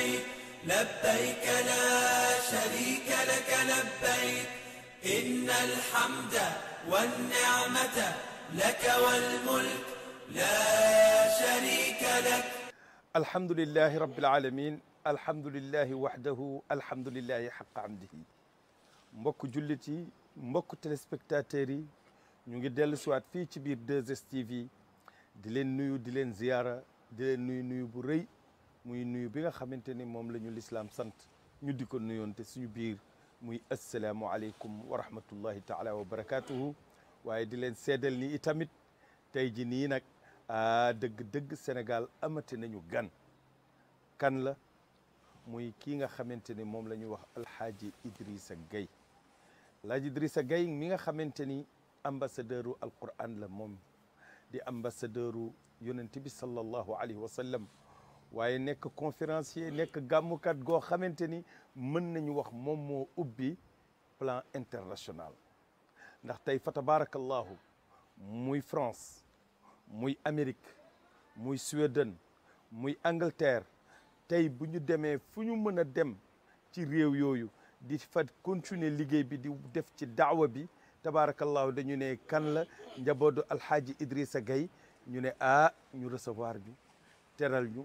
لبيك لبيك لا شريك لك لبيك إن الحمد والنعمة لك والملك لا شريك لك الحمد لله رب العالمين الحمد لله وحده الحمد لله حق عمده مبك جلتي مبك تلسبكتاتيري نيجي ديل سوات في تشبير دزس تي في دي لين نيو دي لين زياره دي لين نيو نيو بو ري muy nuyu bi nga xamante ni moom la ñu lislaam sant ñu di ko nuyoonte suñu biir muy asalaamualeykum wa rahmatullahi taala wa barakaatuhu waaye di leen seedal ni itamit tey ji nii nag dëgg-dëgg Sénégal amati nañu gan kan la muy kii nga xamante ni moom la ñuy wax alxaaji Idrissa Gueye alxaaji Idrissa Gueye mi nga xamante ni ambassadeuru alquran la moom di ambassadeuru yonent bi sallallahu alayhi wa waaye nekk conférencier nekk gàmmukat goo xamante ni mën nañu wax moom moo ubbi plan international ndax tey fa tabarakallahu muy France muy Amérique muy Suède muy Angleterre tey bu ñu demee fu ñu mën a dem ci réew yooyu di fa continuer liggéey bi di def ci daawa bi tabarakallahu dañu ne kan la njabootu Alxaaji Idrissa Gueye ñu ne ah ñu recevoir ñu teral ñu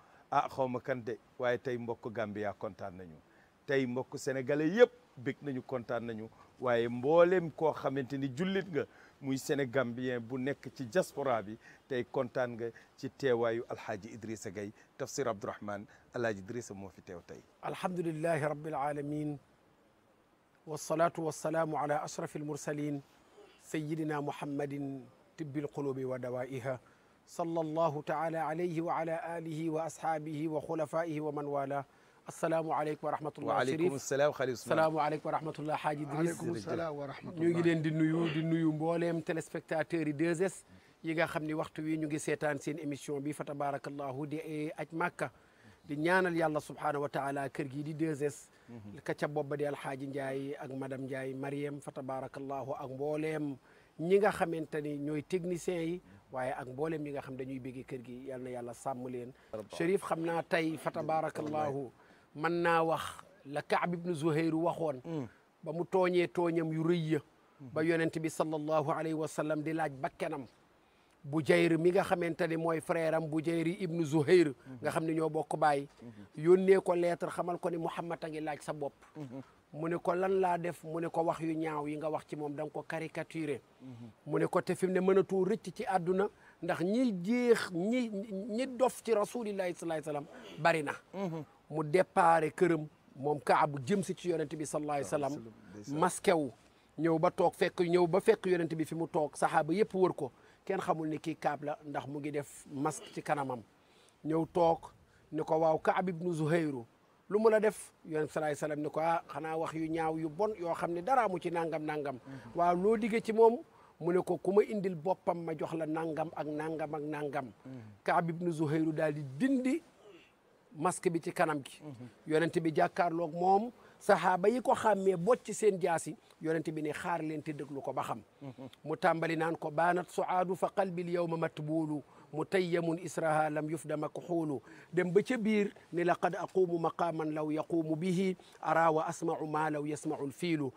ah xaw kan de mbokk Gambia kontaan nañu tey mbokk sénégalais yëpp bég nañu contane nañu waye mbollem ko xamanteni julit nga muy sénégambien bu nek ci diaspora bi tay contane nga ci téwayu alhaji Idrissa Gay tafsir Abdourahman alhaji Idrissa mo fi téw tay alhamdoulillah rabbil alamin wasalaatu wasalaamu ala ashrafil almursalin sayyidina muhammadin tibbil qulubi wa dawaiha صلى الله تعالى عليه وعلى آله وأصحابه وخلفائه ومن والاه السلام عليكم ورحمة الله وعليكم السلام خليل السلام عليكم ورحمة الله حاج دريس عليكم السلام ورحمة الله نيجي لين دي نيو دي نيو مبوليم تلسبكتاتير ديزيس يغا خمني وقت وي نيجي سيتان سين اميشيون بي فتبارك الله دي اي اج مكة دي نيانال يالله سبحانه وتعالى كرغي دي ديزيس الكتش بوب ديال حاج نجاي اج مدام نجاي مريم فتبارك الله اج مبوليم نيغا خمين تاني نيو تكنيسيين waye ak mboolem yi nga xam dañuy bëggé kër gi yalla yàlla sàmm leen Chérif xamna tay tey fa tabarakallahu mën wax la ka'b ibn Zuhayr waxon ba mu toñé toñam yu rëy ba yonent bi sallallahu alayhi wa sallam di laaj bakkanam bu Bujayr mi nga xamante moy fréram bu am ibn ibnu Zuhayr nga xamni ño bokk bay yonné ko lettre xamal ko ni Muhammad a laaj sa bop mu ne ko lan laa def mu ne ko wax yu ñaaw yi nga wax ci moom da nga ko caricaturé mu ne ko te fi mu ne mënatuu rëcc ci àdduna ndax ñi jeex ñi ñi dof ci rasulillahi sallallahu alayhi wasallam bari na mhm. mu déparé këram moom kaabu jëm si ci yonent bi sallallahu alayhi wasallam masqué wu ñëw ba toog fekk ñëw ba fekk yonente bi fi mu toog saxaaba yëpp wër ko kenn xamul ni kii kaab la ndax mu ngi def masque ci kanamam ñëw toog ni ko waaw kaab ibnu zuhayru lu mu la def yonent salaay salaam ni ko ah xanaa wax yu ñaaw yu bon yoo xam ne dara mu ci nangam nangam. Mhm. waaw loo diggee ci moom mu ne ko ku ma indil boppam ma jox la nangam ak nangam ak nangam. Mhm. Kaab ibnu Zuhayru daal di dindi masque bi ci kanam gi. Mhm. yonent bi jàkkaarloog moom. saxaaba yi ko xàmmee bot ci seen jaasi yonent bi ne xaar leen te déglu ko ba xam mu tàmbali naan ko baanat suaadu fa qalbil yawma matbuulu متيم إسرها لم يفد مكحول دم بير نلا أقوم مقاما لو يقوم به أرى وأسمع ما لو يسمع الفيل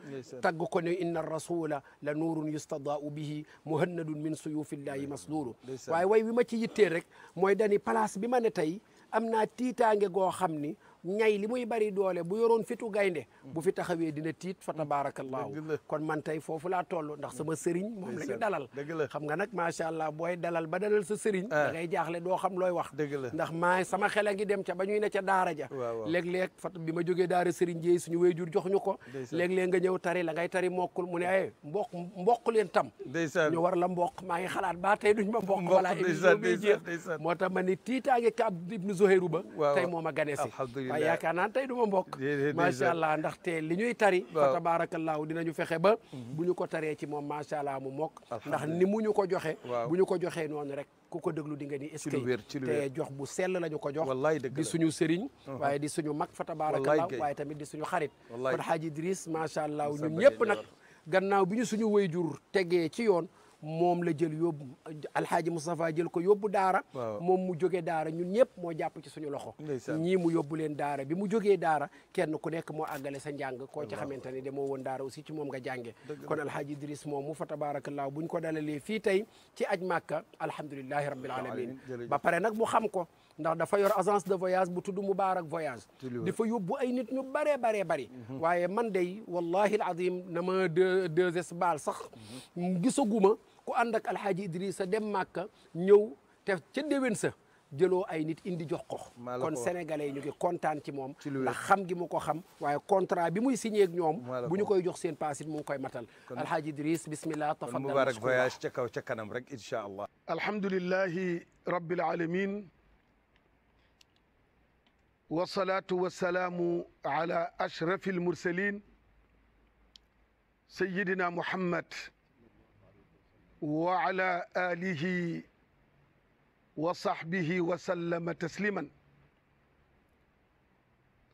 تقكن إن الرسول لنور يستضاء به مهند من سيوف الله مسلول واي واي ما تيترك مويداني بلاس بما نتاي أمنا تيتا أنجي غو خمني ñay li muy bari doole bu yoroon fitu gaynde bu fi taxawee dina tiit fa tabaarakallaahu kon man tey foofu laa toll ndax sama sëriñ moom la dalal xam nga nag macha allah booy dalal ba dalal sa sëriñ ah. da ngay jaaxle doo xam looy wax ndax maa sama xel a ngi dem ca ba ñuy ne ca daara ja léeg-léeg fa bi ma jógee daara sëriñ jiy suñu wéyjur jox ñu ko léeg nga ñëw tari la ngay tari mokkul mu ne ay eh, mbokk mbokk leen tam ñu war la mbokk maa ngi xalaat ba tey duñ ma mbokk moo tax ma ni tiitaange ka Ibnu Zuhayru ba moo ma ganesi waaye yaakaar naan tey du ma mbokk macha allah ndaxte li ñuy tari fa dina ñu fexe ba mhm. bu ñu ko taree ci moom macha allah mu mokk ndax ni mu ñu ko joxe bu ñu ko joxee noonu rek ku ko déglu di nga ni est-ce que te jox bu sell la ñu ko jox di suñu sëriñ uh-huh. waaye di suñu mag fa tabaarakallaahu waaye tamit di suñu xarit kon Hadj Idriss macha allah ñun ñëpp nag gannaaw bu ñu suñu jur tegee ci yoon mom la jël yóbbu alxaaji mustafa jël ko yob daara mom mu joggé daara ñun ñëpp mo jàpp ci suñu loxo ñi mu yobul len daara bi mu joggé daara kenn ku nekk mo agalé sa jang ko ci xamanteni ne demoo woon daara aussi ci mom nga jànge kon alxaaji Idris mom mu fa tabaarakallaa buñ ko dalalé fi tay ci aj màkka alhamdullilah rabbil alamin ba pare nak mu xam ko ndax dafa yor agence de voyage bu tuddu mubarak voyage dafa yóbbu ay nit ñu bare bare bare waye man day wallahi alazim na ma deux baal sax gisaguma ku andak ak alxaaji Idrissa dem Màkka ñëw te ci déwén sa jëlo ay nit indi jox ko kon sénégalais ñu ngi contane ci mom la xam gi mu ko xam waye contrat bi muy signé ak ñom bu ñukoy jox seen paas it mu ngi koy matal alhaaji idriss bismillah tafaddal mubarak voyage ci kaw ci kanam rek inshallah allah rabbil alamin والصلاة والسلام على أشرف المرسلين سيدنا محمد وعلى آله وصحبه وسلم تسليما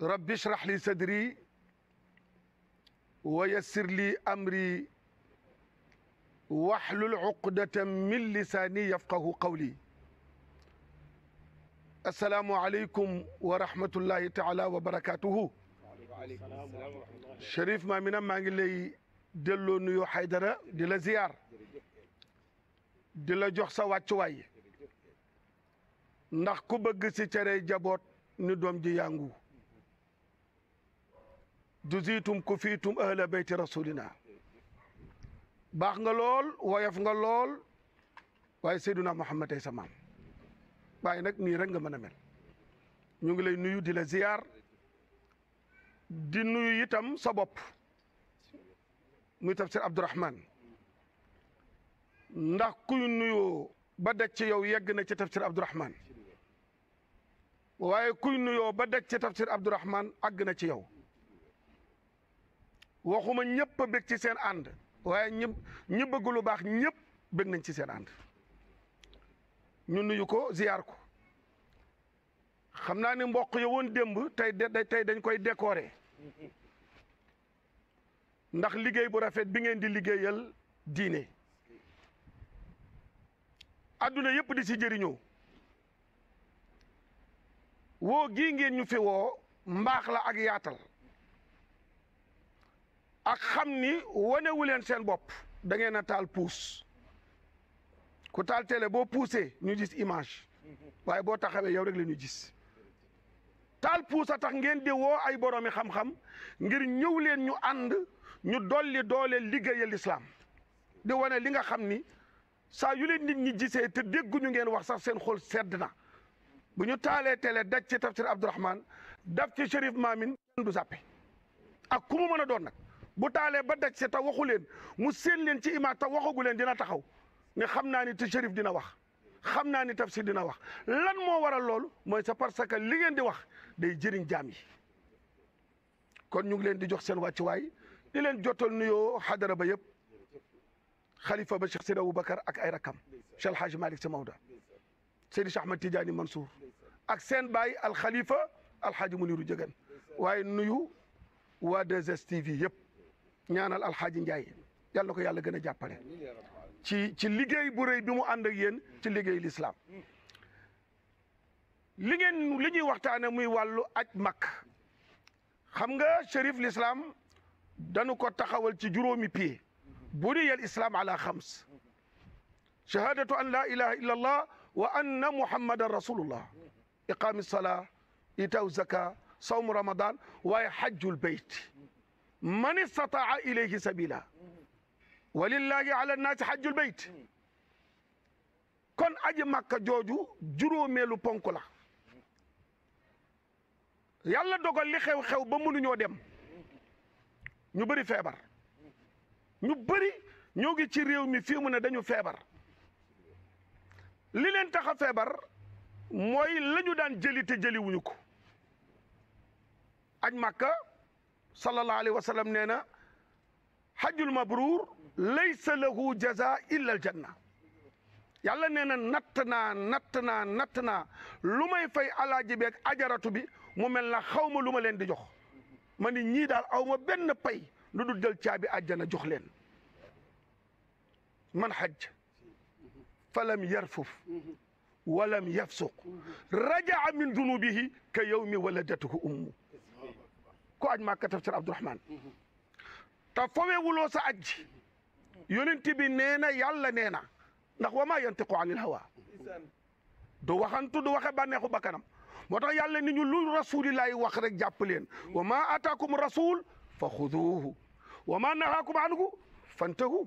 رب اشرح لي صدري ويسر لي أمري واحلل عقدة من لساني يفقه قولي السلام عليكم ورحمة الله تعالى وبركاته شريف ما من ما ngi lay delloo nuyoo Haydara di di la jox sa wàccuwaay ndax ku bëgg si cere jaboot ni doom ji yàngu juzitum ku fiitum ahla beyti rasulina baax nga lool woyof nga lool waaye seyduna muhammad ay sa maam waaye nag nii rek nga mën a mel ñu ngi lay nuyu di la ziyaar di nuyu itam sa bopp muy tafsir Abdourahman ndax kuy nuyoo ba daj ci yow yegg na ci tafsir Abdourahman waaye kuy nuyoo ba daj ci tafsir Abdourahman àgg na ci yow waxuma ñëpp a bég ci seen ànd waaye ñi ñi bëgg lu baax ñëpp bég nañ ci seen ànd ñu nuyu ko ziyaar ko xam naa ni mboq yo woon démb tey tey dañ koy décorer ndax liggéey bu rafet bi ngeen di liggéeyal diine adduna yëpp di si jëriñoo woo gii ngeen ñu fi woo mbaax la ak yaatal ak xam ni wanewu leen seen bopp da ngeen a taal puus ku taal télé boo puusee ñu gis image waaye boo taxawee yow rek la ñu gis taal puus a tax ngeen di woo ay boroomi xam-xam ngir ñëw leen ñu ànd ñu dolli doole liggéeyal lislaam di wane li nga xam ni saa yu leen nit ñi gisee te dégguñu ngeen wax sax seen xol sedd na bu ñu taalee télé daj ci tafsir Abdourahman daf ci Chérif Mamine kenn du zappe ak ku mu mën a doon nag bu taalee ba daj si te waxu leen mu seen leen ci imaam te waxagu leen dina taxaw ne xam naa ni te Chérif dina wax xam naa ni tafsir dina wax lan moo waral loolu mooy sa parce que li ngeen di wax day jëriñ jaam yi kon ñu ngi leen di jox seen wàccuwaay di leen jotal nuyoo xadara ba yëpp xalifa ba Cheikh Seydi Aboubacar ak ay rakam Cheikh Alhaji Malick Sy Maodo Seydi Cheikh Ahmed Tidiane ak seen baay alxalifa alxaaji Muniru Jëgan waaye nuyu waa 2STV yëpp ñaanal alxaaji Ndiaye yàlla ko yàlla gën a jàppale ci ci liggéey bu rëy bi mu ànd ak yéen ci liggéey lislaam li ngeen li ñuy waxtaane muy wàllu aj makk xam nga chérif lislaam dañu ko taxawal ci juróomi pied بني الإسلام على خمس شهادة أن لا إله إلا الله وأن محمد رسول الله إقام الصلاة إيتاء الزكاة صوم رمضان ويحج البيت من استطاع إليه سبيلا ولله على الناس حج البيت كن أجي مكة جوجو جرو ميلو بونكولا yàlla dogal li خيو xew ba mënuñoo dem ñu bëri ñu bari ñoo gi ci réew mi fii mu ne dañu feebar li leen tax a feebar mooy lañu daan jëli te jëli wuñu ko aj màkka sallallahu alayhi wa sallam nee na hajjul lay laysa jasa jaza janna yàlla nee na natt naa natt naa natt naa lu may fay alaaji beeg ajaratu bi mu mel na xaw ma lu ma leen di jox ma ni ñii daal awma benn pay لودو ديال تيابي اجانا جوخ لين من حج فلم يرفف ولم يفسق رجع من ذنوبه كيوم ولدته امه كو اج ما كتب عبد الرحمن تفوي ولو سا اج يونتي بي نينا يالا نينا نخ وما ينطق عن الهوى دو وخانتو دو وخه بانيخو بكانم موتا يالا نينيو لول رسول الله وخ رك جاب وما اتاكم رسول fa xuduuhu wa ma nahaakum anhu fantahu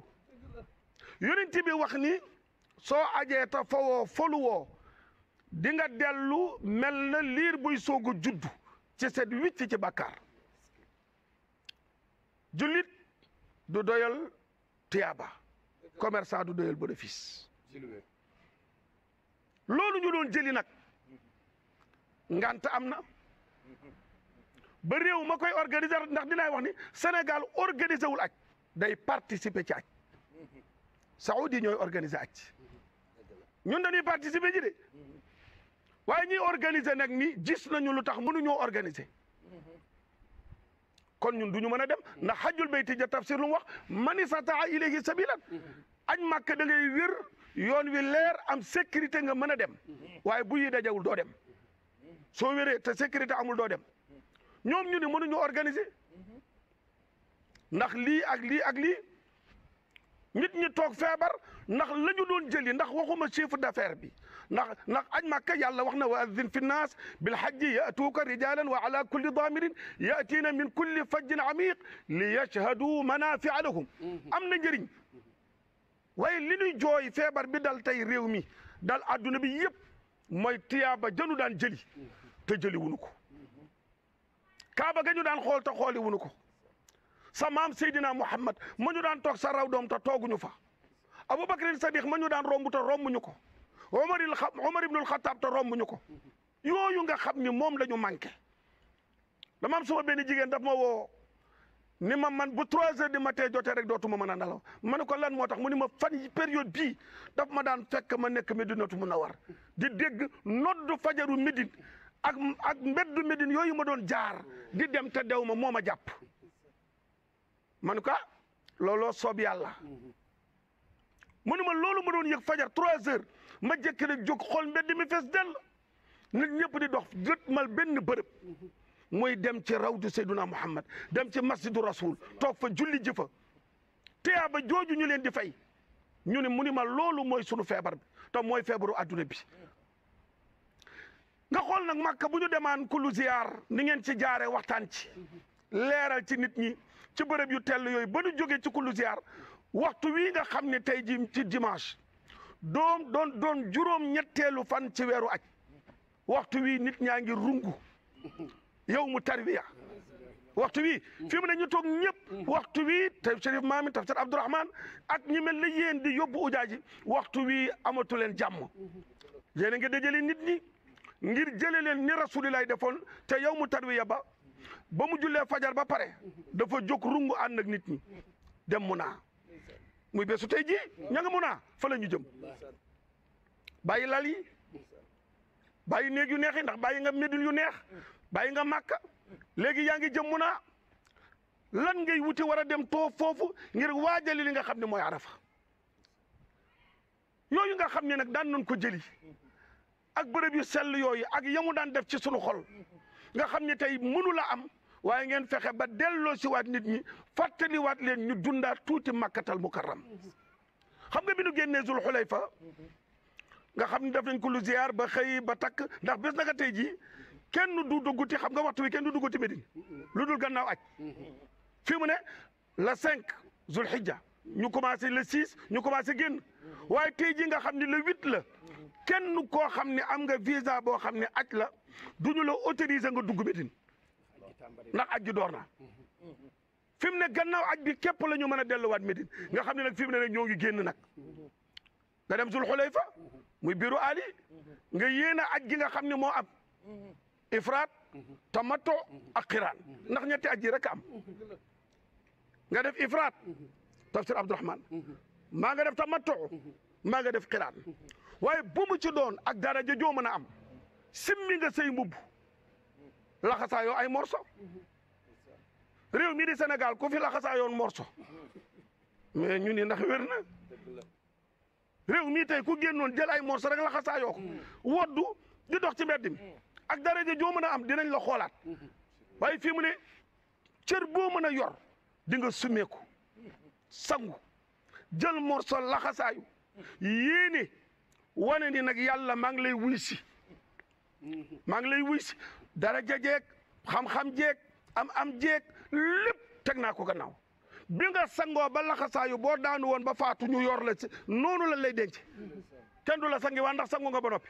yonent bi wax ni soo ajee ta fawoo foluwoo di nga dellu mel na liir buy soog a judd ci set wicc ci bàkkaar jullit du doyal tuyaaba commerçant du doyal bénéfice loolu ñu doon jëli nag ngant am na ba réew ma koy organiser ndax dinaay wax ni Sénégal organiser wul aj day participer ci aj saoudi ñooy organiser aj ñun dañuy participer ji de waaye ñuy organiser nag ni gis nañu lu tax mënuñoo organiser kon ñun du ñu mën a dem ndax xajul bayti a tafsir lu mani sa man istataa ilayhi sabilan aj màkk da ngay wér yoon wi leer am sécurité nga mën a dem waaye bu yi dajawul doo dem soo wéree te sécurité amul doo dem ñoom ñu ni mënuñu organiser ndax lii ak lii ak lii nit ñi toog feebar ndax la doon jëli ndax waxuma chiffre d'affaires bi ndax ndax aj màkka yàlla wax wa azzin fi nnaas bil hajji yatuuka rijalan wa ala kulli daamirin yatiina min kulli fajjin amiq li yashhadu manafia lahum am na njëriñ li ñuy jooy feebar bi dal tey réew mi dal adduna bi yëpp mooy tiyaaba jënu daan jëli te jëli wuñu ko kaaba ga ñu daan xool te xooli wuñu ko sa maam Seydina Muhammad ma ñu daan toog sa raw doom te tooguñu fa Aboubacar Sadiq ma ñu daan romb te rombuñu ko Omar il xa Omar ibnul Xataab te ñu ko yooyu nga xam ni moom la ñu manqué dama am suma benn jigéen daf ma woo ni ma man bu trois heures du matin jotee rek dootuma mën a nelaw ma ne ko lan moo tax mu ni ma fan yi période bii daf ma daan fekk ma nekk Medinatu war di dégg noddu fajaru Médine ak ak mbeddu Médine yooyu ma doon jaar di dem te dew ma moo ma jàpp man ka looloo soob yàlla ma loolu ma doon yëg fajar trois heures ma jëkk rek jóg xool mbedd mi fees dell nit ñëpp di dox mal benn bërëb mooy dem ci rawdu Seyduna Muhammad dem ci masjidu rasul toog fa julli ji fa teyaa ba jooju ñu leen di fay ñu ne mu ni ma loolu mooy sunu feebar bi te mooy feebaru adduna bi nga xool nag màkka bu ñu demaan ku ziyaar ni ngeen ci jaare waxtaan ci leeral ci nit ñi ci bërëb yu tell yooyu ba ñu jógee ci ku ziyaar waxtu wi nga xam ne tey ji ci dimanche doom doon doon juróom ñetteelu fan ci weeru aj waxtu wii nit ñaa ngi rungu yow mu tarbiya waxtu wi fi mu ne ñu toog ñëpp waxtu wii tey Chérif Maami Tafsir Abdourahman ak ñi mel ne yeen di yóbbu ujaaji waxtu wi amatu leen jàmm yéen a ngi dajale nit ñi ngir jële leen ni rasulilaay defoon te yow mu tarwiya ba ba mu jullee fajar ba pare dafa jóg rungu ànd nit ñi dem mu naa muy bésu tey ji ña nga mu naa fa la ñu jëm bàyyi lal yi bàyyi néeg yu neex yi ndax bàyyi nga médul yu neex bàyyi nga màkka léegi yaa ngi jëm mun a lan ngay wuti war a dem too foofu ngir waajali li nga xam ne mooy arafa yooyu nga xam ni nag daan nañ ko jëli ak bërëb yu sell yoy ak yamu daan def ci sunu xol nga xamni tay mënu la am waye ngeen fexe ba dello ci wat nit ñi fatali wat leen ñu dunda tuuti makkatal mukarram xam nga bi nu génnee zul xulayfa nga xamni daf nañ ko lu ziar ba xëy ba tak ndax bés naka tay ji kenn du duguti xam nga waxtu wi kenn du duguti Medine lu gannaaw acc fi mu ne la 5 zul hijja ñu commencé le six ñu commencé génn waaye tey ji nga xam ni le huit la kenn koo xam ne am nga visa boo xam ne aj la duñu la autoriser nga dugg Médine ndax aj gi door na fi mu ne gannaaw aj bi képp la ñu mën a delluwaat Médine nga xam ne nag fi mu ne nag ñoo ngi génn nag nga dem Zul Xulayfa muy biiru Ali nga yéen a aj gi nga xam ne moo am ifraat tamato ak xiraan ndax ñetti aj yi rek am nga def ifraat tafsir Abdourahman maa nga def tamattoo maa nga def xiraan waaye bu mu ci doon ak daraja joo mën a am simmi nga say mbubb laxasaayoo ay morso réew mi di Sénégal ku fi laxasaayoon morso mais ñu ni ndax wér na réew mii tey ku génnoon jël ay morso rek laxasaayoo ko woddu di dox ci mbedd mi ak daraja joo mën a am dinañ la xoolaat waaye fii mu ne cër boo mën a yor di nga summeeku sangu jël morso laxasaayu yéene wane ni nag yàlla maa ngi lay wuy si maa ngi lay wuy si daraja jeeg xam-xam jeeg am am jeeg lépp teg naa ko gannaaw bi nga sangoo ba laxasaayu boo daanu woon ba faatu ñu yor la ci noonu la lay denc kenn du la sangi waa ndax sangu nga ba noppi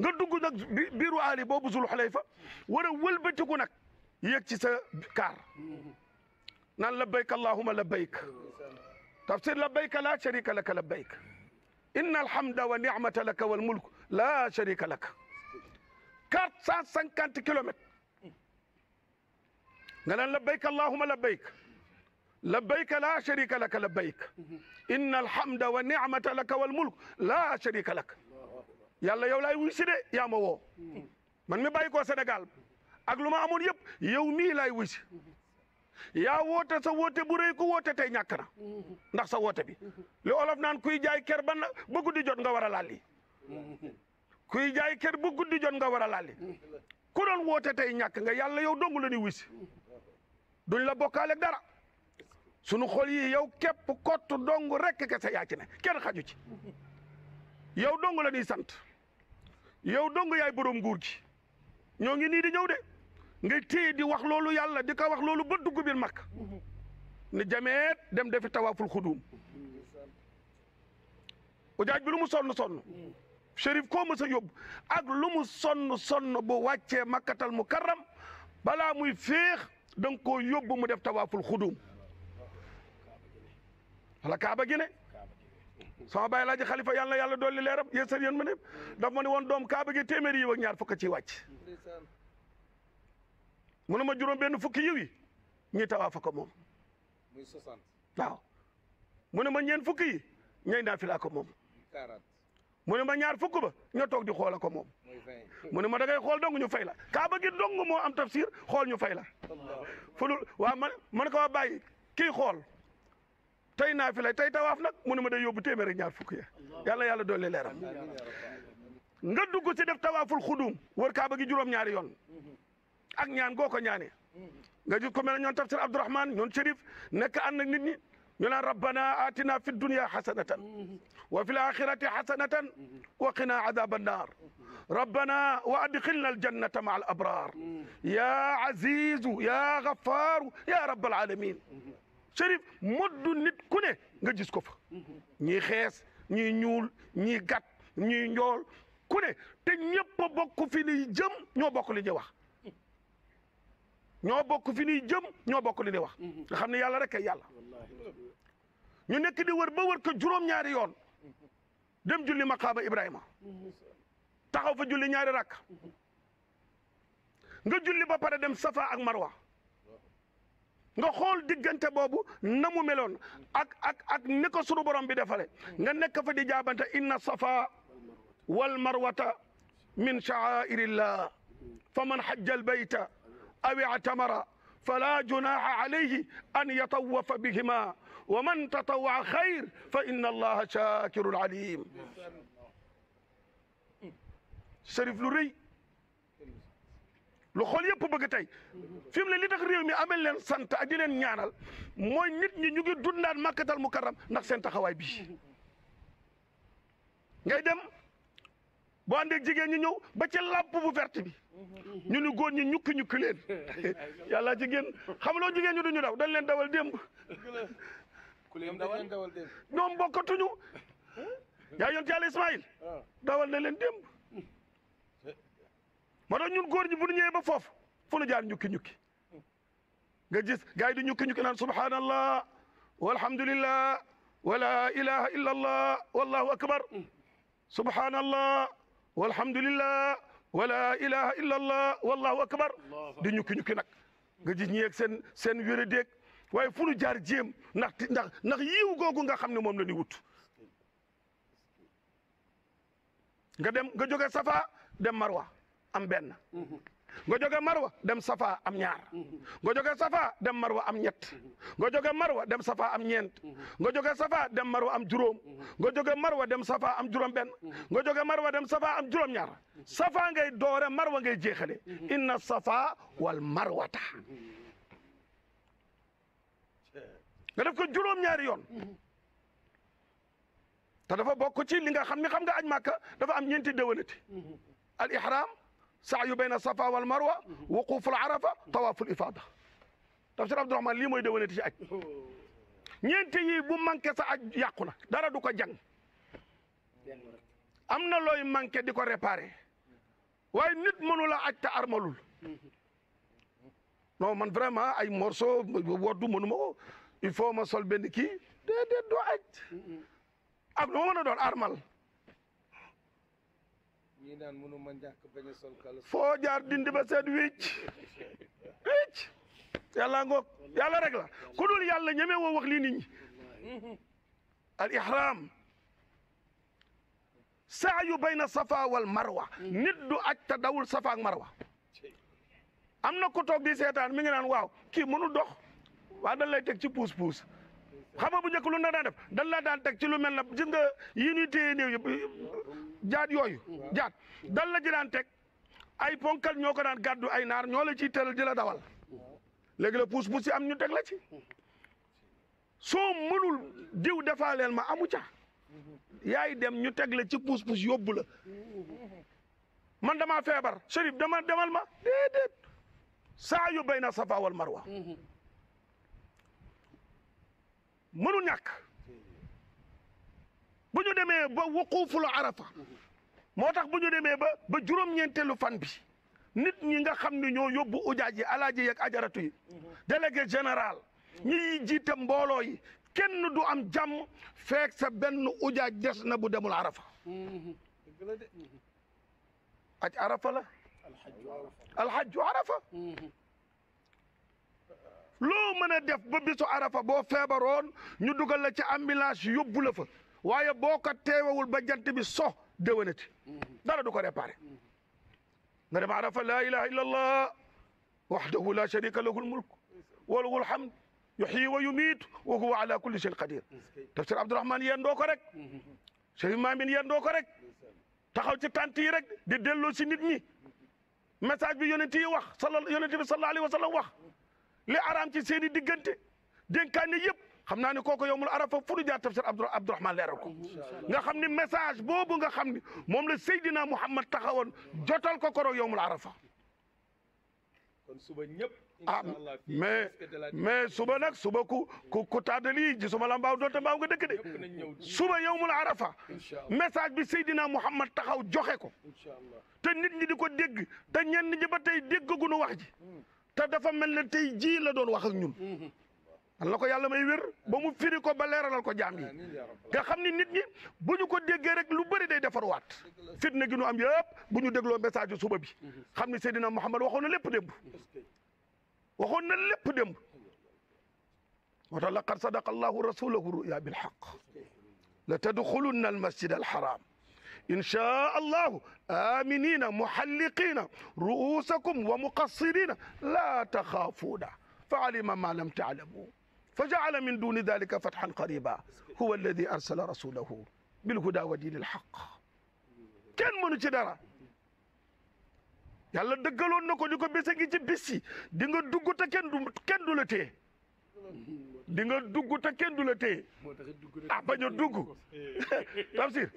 nga dugg nag biiru aali boobu zul xulayfa war a wëlbatiku nag yéeg ci sa kaar naan labbayk allahuma labbayk tafsir labbayka laa sharika laka labbayk inna alhamda wa ni'mata laka wal mulk laa sharika laka quatre cent cinquante kilomètres nga naan labbayk allahuma labbayk labbayk laa sharika laka labbayk inna alhamda wa ni'mata laka wal mulk laa sharika laka yàlla yow laay wuy si de yaa ma woo man mi bàyyi koo Sénégal ak lu ma amoon yëpp yow mii laay wuy si yaa woote sa woote bu rëy woote tey ñàkk na ndax sa woote bi li olof naan kuy jaay ker ban ba di jot nga war a laal kuy jaay ker ba di jot nga war a laal ku doon woote tey ñàkk nga yàlla yow dong la ni wisi duñ la bokkaale dara sunu xol yi yow képp kott dong rek kese yaa ci ne kenn xaju ci yow dong la ñuy sant yow dong yaay borom nguur gi ñoo ngi nii di ñëw de. ngay téye di wax loolu yàlla di ko wax loolu ba dugg biir mag ni jameet dem defi tawaaful xuduum ujaaj bi lu mu sonn sonn shérif koo ma sa yóbbu ak lu mu sonn sonn bu wàccee makkatal mu karram balaa muy féex da nga koo yóbbu mu def tawaaful xuduum wala kaaba gi ne sama bàyyi laaji xalifa yàlla yàlla dolli leeram yéen seen yéen ma ne daf ma ne woon doom kaaba gi téeméeri yi ak ñaar fukk ciy wàcc mu ma juroom benn fukki yiw ñi ñuy tawaafa ko moom muy 60 waw mu ma ñeen fukki yi ñay naafila ko mom 40 mu ma ñaar fukk ba ñu tok di xoola ko moom ma da ngay dong ñu fay la ba gi dong mo am tafsir xol ñu fay la fulul wa man man ko waa ki xol tay tey naa fi lay tey Yala yala mu ma day yobbu khudum. ak ñaar fukk ya yalla ya nga dugg ci def khudum war ka ba gi juroom ñaar yoon mm-hmm. ak ñaan goo ko nga gis ko mel ne tafsir Abdourahman ñoom Cherif nekk ànd ak nit ñi ñu naan rabbana atina fi dunya hasanatan wa fil akhirati hasanatan wa qina adhaban nar ربنا وادخلنا الجنة مع الأبرار يا عزيز يا غفار يا رب العالمين شريف مد نيت كوني ne nga gis ko fa ñii xees ñii ñuul ñii gàtt ñii njool ku ne te ñëpp bokk fi liy jëm ñoo bokk li ñuy wax ñoo bokk fi ñuy jëm ñoo bokk li ñuy wax. nga xam ne yàlla rek ay yàlla. ñu nekk di wër ba wër ko juróom-ñaari yoon dem julli maqaama Ibrahima taxaw fa julli ñaari rakk nga julli ba pare dem Safa ak Marwa nga xool diggante boobu na mu meloon ak ak ak ne ko sunu borom bi defale nga nekk fa di jaabante inna Safa wal Marwata min sha'airillah fa man hajja al bayta أو اعتمر فلا جناح عليه أن يطوف بهما ومن تطوع خير فإن الله شاكر عليم sërif lu rëy lu xool yëpp bëgg tey fi mu ne li tax réew mi amel leen sant ak di leen ñaanal mooy nit ñi ñu ngi dundaan màkkatal mukarram ndax seen taxawaay bi ngay dem boo àndeeg jigéen ñu ñëw ba ci làmp bu verte bi ñu ni góor ñi ñukki ñukki leen yàlla jigéen xam loo jigéen ñu duñu daw dañ leen dawal démb ñoom bokkatuñu yaa yonti yàlla Ismaïl ah. dawal na leen démb ma doon ñun góor ñi bu ñu ñëwee ba foofu fu nu jaar ñukki ñukki nga gis gars yi di ñukki ñukki naan subhanallah walhamdulillah wala ilaha illa allah wallahu akbar subhanallah والحمد لله ولا اله الا الله والله اكبر دي نيوكي نيوكي نك غا جي نيك سن سن ويري ديك واي فولو جار جيم نخ نخ نخ ييو غوغو غا خامني موم لا ني ووت غا دم غا جوغي صفا دم مروه ام بن nga jóge marwa dem safa am ñaar nga jóge safa dem marwa am ñett nga jóge marwa dem safa am ñeent nga jóge safa dem marwa am juróom nga jóge marwa dem safa am juróom benn nga jóge marwa dem safa am juróom ñaar safa ngay doore marwa ngay jeexale inna safa wal marwata nga def ko juróom ñaari yoon te dafa bokk ci li nga xam ni xam nga aj màkka dafa am ñeenti déwénati al saayu bayna safa wal marwa wuquful arafa tawaaful ifada tafsir abdourahman lii mooy déwénati ci aj ñeenti yi bu manqué sa aj yàqu na dara du ko jàng am na looy manqué di ko réparé waaye nit mënu la aj te armalul non man vraiment ay morso woddu mënu ma il faut ma sol benn kii déedéet doo aj ak lu mën a doon armal ñii naan mënu ma ñàkk sol kala. foo jaar dindi ba seet wicc wicc yàlla ngoog yàlla rek la ku dul yàlla ñeme woo wax lii nit ñi al ihram saayu bayna safa wal marwa nit du aj dawul safa marwa am na ku toog di seetaan mi ngi naan waaw kii mënu dox waa na lay teg ci puus puus xam nga bu njëkk lu na def dan laa daan teg ci lu mel na gis nga yi ñuy téye yëpp jaat yooyu jaat dan la ji daan teg ay ponkal ñoo ko daan gàddu ay naar ñoo la ciy tëral di la dawal léegi la puus puus si am ñu teg la ci soo mënul diw defaaleel ma amu ca yaay dem ñu teg la ci puus puus yóbbu la man damaa feebar Chérif dama demal ma déedéet saa yu béy na safa wal marwa mënu ñàkk bu ñu demee ba wuquuful arafa moo tax bu ñu demee ba ba juróom-ñeenteelu fan bi nit ñi nga xam ne ñoo yóbbu ujaaj yi alaaji ak ajaratu yi délégué général ñi jiite mbooloo yi kenn du am jàmm feek sa benn ujaaj des na bu demul arafa aj arafa la alxajju arafa loo mën a def ba bisu arafa boo feebaroon ñu dugal la ci ambulance yóbbu la fa waaye boo ko teewewul ba jant bi so déwénati dara du ko réparé nga dem arafa laa ilaha illa allah waxdahu la sharika lahu lmulk walahu lhamd yuxyi wa yumiitu wa huwa ala kulli shay'in qadir tafsir abdourahman yendoo ko rek sëriñ Maamin yendoo ko rek taxaw ci tant yi rek di delloo si nit ñi message bi yonent yi wax sala yonent bi sallallahu alayhi wa sallam wax li araam ci seen i diggante dénkaane yëpp xam naa ne kooku yowmul arafa fu nu jaar tafsir Abdou Abdourahman leeral nga xam ne message boobu nga xam ne moom la Seydina Muhammad taxawoon jotal ko koroog yowmul arafa kon suba ñëpp ah mais mais suba nag suba ku ku ku taadali ji suma la mbaaw doonte mbaaw nga dëkk de suba yowmul arafa message bi Seydina Muhammad taxaw joxe ko te nit ñi di ko dégg te ñenn ñi ba tey déggaguñu wax ji hmm. te dafa mel ne tey jii la doon wax ak ñun. al na ko yàlla may wér ba mu firi ko ba leeralal ko jaam yi nga xam ni nit ñi bu ñu ko déggee rek lu bëri day defarwaat fitna gi nu am yëpp bu ñu dégloo message suba bi xam ni Seydina Muhammad waxoon na lépp démb waxoon na lépp démb moo tax laqad sadaqa allahu rasulahu ruya bilhaq la tadxulunna almasjid alharam إن شاء الله آمنين محلقين رؤوسكم ومقصرين لا تخافون فعلم ما لم تعلموا فجعل من دون ذلك فتحا قريبا هو الذي أرسل رسوله بالهدى ودين الحق كان من تدرى yàlla dëggaloon na ko ni ko bés a ngi ci bis di nga dugg te kenn du la téye ah bañ a dugg tafsir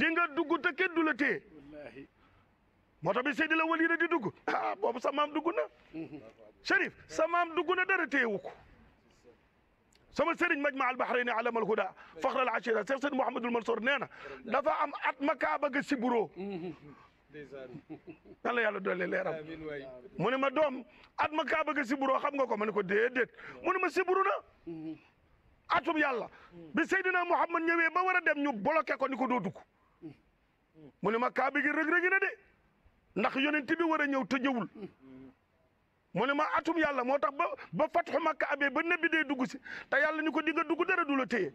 di nga dugg te kenn du la téye moo tax bi Seydi la wali di dugg ah boobu sa maam dugg na Cherif sa maam dugg na dara téyewu ko sama sëriñ majma al bahrayni alamal huda faxral achira Cheikh Seydi Mouhamadul Mansour nee na dafa am at ma kaa bëgg a siburoo yàlla yàlla dolli leeram mu ne ma doom at ma kaa bëgg siburo xam nga ko ma ne ko déedéet mu ne ma siburu na atum yàlla bi Seydina ma ñëwee ba war a dem ñu bloqué ko ni ko doo dugg mu ne ma kaa bi gi rëg-rëgi na de ndax yonent bi war a ñëw tëjëwul mu ne ma atum yàlla moo tax ba ba fatxu makka abee ba nebbi dee dugg si te yàlla ñu ko di nga dugg dara du la téye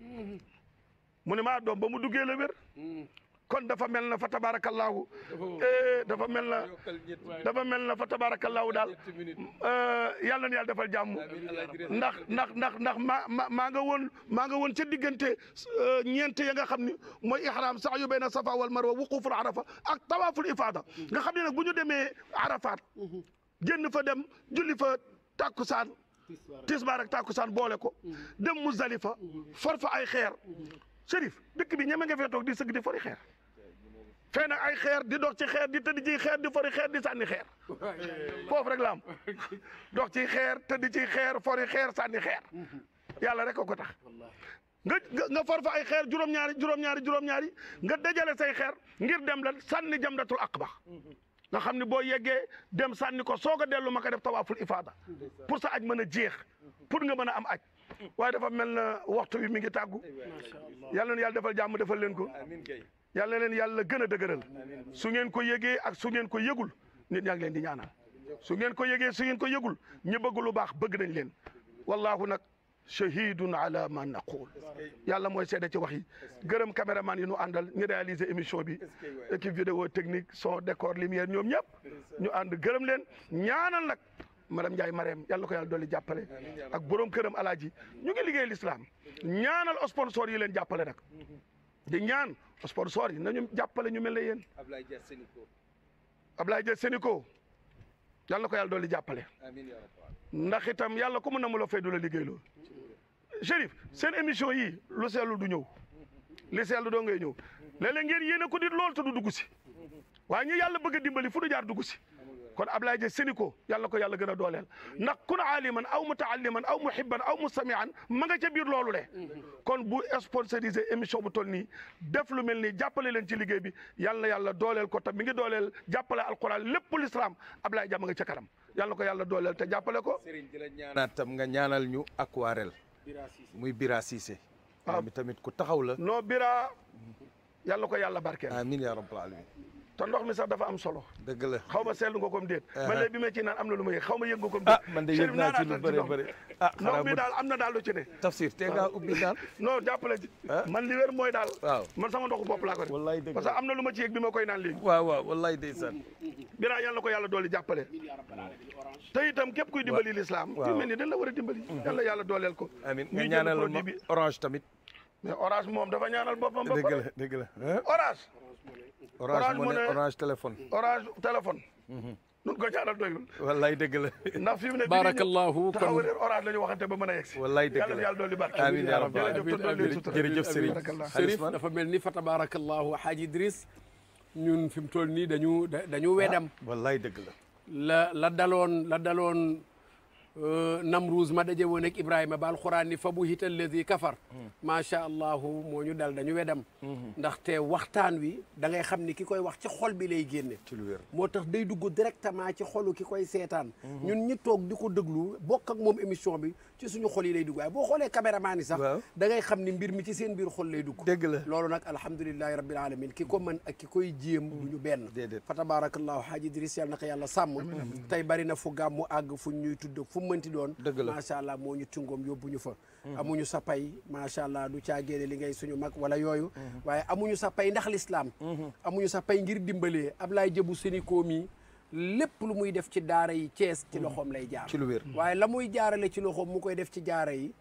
mu ne ma doom ba mu duggee la wér kon dafa mel na fa tabaarakallaahu dafa mel na dafa mel na fa tabaarakallaahu daal yàlla na yàlla defal jàmm ndax ndax ndax ndax maa ma maa nga woon maa nga woon ca diggante ñeent ya nga xam ne mooy ihram sax yu bayna safa wal marwa wuquful arafa ak tawaaful ifaada nga xam ne nag bu ñu demee arafaat génn fa dem julli fa tàkkusaan tisbaar ak tàkkusaan boole ko dem Muzdalifa for fa ay xeer Chérif dëkk bi ñeme nga fee toog di sëgg di fori xeer fena ay xeer di dox ci xeer di teddi ci xeer di fori xeer di sanni xeer fofu rek la am dox ci xeer teddi ci xeer fori xeer sanni xeer yalla rek ko tax nga nga for fa ay xeer juróom-ñaari juróom-ñaari juróom-ñaari nga dajale say xeer ngir dem la sanni jamratul aqba nga xamni bo yegge dem sanni ko soga delu maka def tawaful ifada pour sa aj meuna jeex pour nga meuna am aj waaye dafa mel waxtu bi mi ngi taggu yalla ñu yalla defal jamm defal len ko yàlla leen yàlla gën a dëgëral su ngeen ko yëgee ak su ngeen ko yëgul nit ñaa ngi leen di ñaanal su ngeen ko yëgee su ngeen ko yëgul ñi bëgg baax bëgg nañ leen wallahu nag shahidun ala ma naqul yàlla mooy seede ci wax yi gërëm man yi nu àndal ñu réaliser émission bi équipe vidéo technique son décor lumière ñoom ñëpp ñu ànd gërëm leen ñaanal nag madame Ndiaye Marème yàlla ko yàlla dolli jàppale ak borom këram alaaji ñu ngi liggéey l'islam ñaanal sponsor yi leen jàppale nag di ñaan sponsor yi nañu jàppale ñu mel ne yéen. Ablaye Dia Sénico. Ablaye Dia Sénico yal na ko yàlla li jàppale. amiin yaa rabbal ndax itam yàlla ku mu namu la fay du la liggéey loolu. Chérif seen émission yi lu seetlu du ñëw li doon doo ngay ñëw léeg-léeg ngeen yéene ko nit lool to du dugg si waa ñu yàlla bëgg a dimbali fu du jaar dugg si. kon Ablaye Dia seni ko yàlla ko yàlla gën a dooleel ndax kun aaliman aw mutaalliman aw muhibban aw musamian ma nga ca biir loolu le kon bu sponsorisé émission bu toll nii def lu mel nii jàppale leen ci liggéey bi yàlla yàlla dooleel ko tam mi ngi dooleel jàppale alquran lépp l'islam Ablaye Dia ma nga ca kanam yàlla ko yàlla dooleel te jàppale ko. Serigne di la tam nga ñaanal ñu aquarelle. muy Bira Cissé. waaw mi tamit ku taxaw la. non Bira ko yàlla barkeel. amiin yaa rabbal te ndox mi sax dafa am solo. dëgg la xaw ma seetlu nga comme déet. man de bi ma ciy naan am na lu ma yëg xaw ma yëg nga comme ah, déet. ah man de yëg naa ci lu bëri bëri ah am na daal lu ci ne. tafsir te ngaa ubbi daal. non jàppale ah. man li wér mooy daal. man sama ndoxu bopp laa ko def. parce que am na lu ma ci yëg bi ma koy naan léegi. waaw waaw wallaay ndeysaan. biraa yàlla na ko yàlla dooli jàppale. te itam képp kuy dimbali l'islam. waaw fi mel ni dañ la war a dimbali. Mhm. yàlla yàlla dooleel ko. amiin nga ñaanal ma orange tamit. mais moom dafa ñaanal boppam. dëgg la dëgg la orange money orange téléphone. orange téléphone. Mhm. nun ko caaral doyul. wallaay dëgg la. ndax fi mu ne barakallahu kon la ñu waxante ba mën a yegsi. la yàlla dolli barke. amiin yaa rabbi jërëjëf Serigne Serif dafa mel ni fa tabarakallahu Haji Idris ñun fi mu toll dañu wedam. la. la la daloon la daloon. أه، نمروز ما دجي ونك ابراهيم بال قران فبوهت كفر ما شاء الله مو ني دال دانيو ودم ندخ تي وقتان وي داغي خامني كيكوي واخ سي خول بي لاي ген موتاخ داي دوجو ديريكتامون سي خولو كيكوي سيتان نون ني توك ديكو دغلو بوك اك موم ايميسيون بي سي سونو خول لاي دوجو بو خولي كاميرامان ني صاح داغي خامني مبير مي سي سين بير خول لاي دوجو دغ لا الحمد لله رب العالمين كيكو من اك كيكوي جيم بونو بن فتبارك الله حاج ادريس يالنا يالا سام تاي بارينا فو غامو اغ نيو تود mënti doon macha allah moo ñu tungoom yóbbu ñu fa amuñu sa pay macha allah du caagéene li ngay suñu mag wala yooyu mhm. waaye amuñu sa pay ndax lislaam mhm. amuñu sa pay ngir dimbalee Ablaye Jëbu Sénikoom yi lépp lu muy def ci daara yi Cees ci mhm. loxoom lay jaar ci lu wér waaye la muy jaarale ci loxoom mu koy def ci daara yi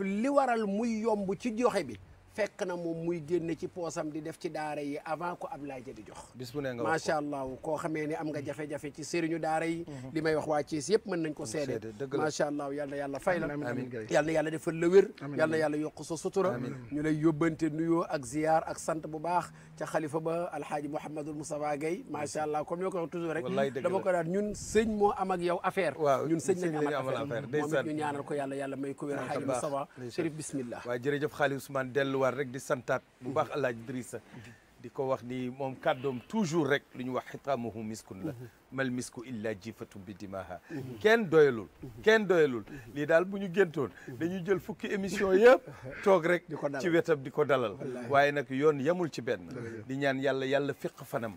li waral muy yomb ci joxe bi fekk na moom muy génne ci poosam di def ci daara yi avant ko Ablaye ja di jox. bis bu ne nga macha allah koo xamee ne am nga jafe-jafe ci sëriñu daara yi. li may wax waa Thiès yëpp mën nañ ko seede. dëgg la macha allah yal na yàlla fay la. amiin yal na yàlla defal la wér. yal na yàlla yokk sa sutura. ñu lay yóbbante nuyoo ak ziyaar ak sant bu baax ca xalifa ba alxaaji Mouhamadul Moustapha Guèye macha allah comme ñoo ko wax toujours rek. dama ko daan ñun sëñ moo am ak yow affaire. ñun sëñ lañ am affaire moom ñu ñaanal ko yàlla yàlla may ko wér xaaji Moustapha Chérif bismillah waaw jërëjëf xaali Ousmane dellu delluwaat rek di santaat bu baax El Hadj Idrissa di ko wax ni moom kàddoom toujours rek lu ñu wax xitaamuhu miskun la mal misku illa jifatu bi dimaha kenn doyalul kenn doyalul lii daal bu ñu géntoon ñu jël fukki émission yëpp toog rek ci wetam di ko dalal waaye nag yoon yamul ci benn di ñaan yàlla yàlla fiq fanam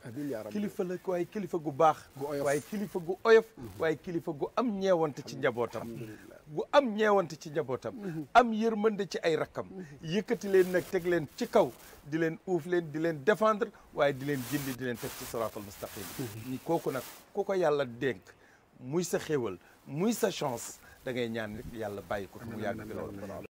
kilifa la waaye kilifa gu baax waaye kilifa gu oyof waaye kilifa gu am ñeewante ci njabootam bu am ñeewante ci njabootam mm-hmm. am yërmande ci ay rakkam mm-hmm. yëkkati leen nag teg leen ci kaw di leen uuf leen di leen defendre waaye di leen gindi di leen teg ci siraatal mustaqim ñi mm-hmm. kooku nag ku ko yàlla dénk muy sa xéewal muy sa chance da ngay ñaan rek yàlla bàyyi ko mu yàgg fi